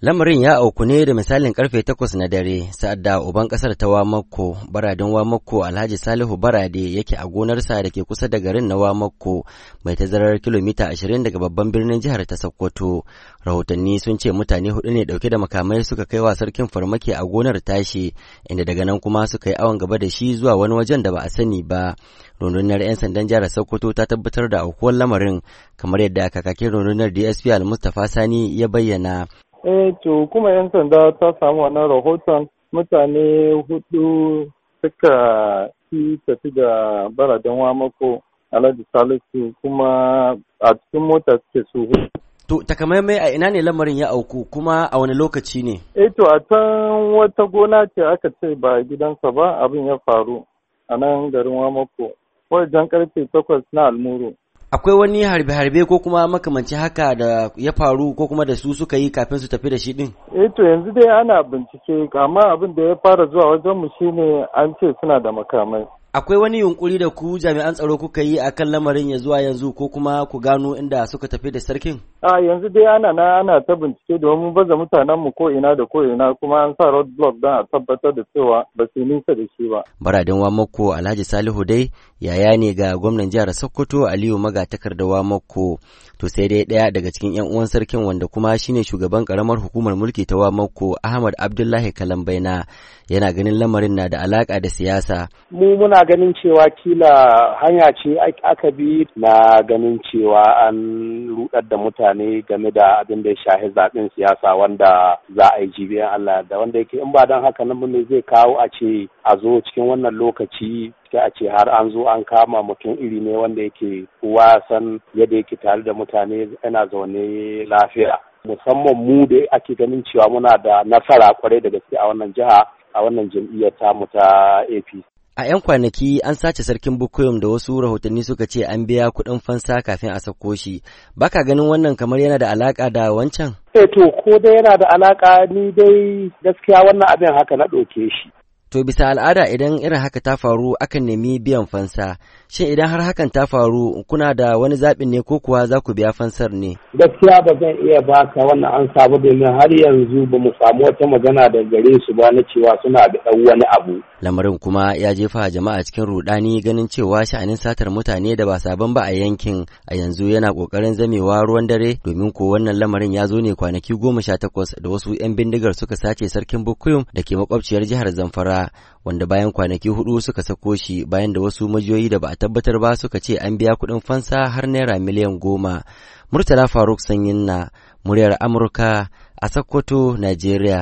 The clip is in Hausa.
Lamarin ya auku ne da misalin karfe takwas na dare sa'ad da uban kasar ta Wamako, baradin Wamako Alhaji Salihu Barade yake a gonarsa da ke kusa da garin na Wamako mai tazarar kilomita ashirin daga babban birnin jihar ta Sokoto. Rahotanni sun ce mutane hudu ne dauke da makamai suka kai wa sarkin farmaki a gonar tashi inda daga nan kuma suka yi awon gaba da shi zuwa wani wajen da ba a sani ba. Rundunar 'yan sandan jihar Sokoto ta tabbatar da aukuwar lamarin kamar yadda kakakin rundunar DSP Al-Mustapha Sani ya bayyana. eh to kuma yan sanda ta samu wannan rahoton mutane hudu suka fi tafi da baradan wamako alhaji salisu kuma a cikin mota suke su hudu To takamaimai a ina ne lamarin ya auku kuma a wani lokaci ne? Eh to a can wata gona ce aka ce ba gidansa ba abin ya faru a nan garin Wamako. Wajen karfe takwas na almuru. akwai wani harbe-harbe ko kuma makamanci haka da ya faru ko kuma da su suka yi kafin su tafi da shi din? E, to yanzu dai ana bincike amma abin da ya fara zuwa wajen mu shine an ce suna da makamai. Akwai wani yunkuri da ku jami'an tsaro kuka yi akan lamarin ya zuwa yanzu ko kuma ku gano inda suka tafi da sarkin? a yanzu dai ana na ana ta bincike domin baza mutanen mu ko ina da ko ina kuma an sa roadblock don a tabbatar da cewa ba su nisa da shi ba. Baradin Wamako Alhaji Salihu dai yaya ne ga gwamnan jihar Sokoto Aliyu Magatakarda Wamako to sai dai daya daga cikin 'yan uwan sarkin wanda kuma shine shugaban karamar hukumar mulki ta Wamako Ahmad Abdullahi Kalambaina yana ganin lamarin na da alaka da siyasa. Mu muna ganin cewa kila hanya ce aka bi na ganin cewa an rudar da mutane mutane game da abin da ya shahi zaɓen siyasa wanda za a yi jibi Allah da wanda yake in ba don haka nan ne zai kawo a ce a zo cikin wannan lokaci sai a ce har an zo an kama mutum iri ne wanda yake kowa san yadda yake tare da mutane yana zaune lafiya musamman mu da ake ganin cewa muna da nasara kwarai da gaske a wannan jiha a wannan jam'iyyar tamu ta APC. A 'yan kwanaki an sace sarkin Bukoyom da wasu rahotanni suka ce an biya kuɗin fansa kafin a sako shi. Baka ganin wannan kamar yana da alaƙa da wancan? Eh to ko dai yana da alaƙa ni dai gaskiya wannan abin haka na ɗauke shi. To bisa al'ada idan irin haka ta faru akan nemi biyan fansa, shin idan har hakan ta faru kuna da wani zaɓin ne ko kuwa za ku biya fansar ne? Gaskiya ba zan iya baka wannan an samu domin har yanzu ba mu samu wata magana da gare su ba na cewa suna da ɗan wani abu. Lamarin kuma ya jefa jama'a cikin rudani ganin cewa sha'anin satar mutane da ba sabon ba a yankin a yanzu yana ƙoƙarin zamewa ruwan dare domin ko wannan lamarin ya zo ne kwanaki goma sha takwas da wasu 'yan bindigar suka sace sarkin Bukuyum da ke makwabciyar jihar Zamfara. wanda bayan kwanaki hudu suka sako shi bayan da wasu majiyoyi da ba a tabbatar ba suka ce an biya kuɗin fansa har naira miliyan goma. Murtala Faruk Sanyin na muryar Amurka a Sokoto, Najeriya.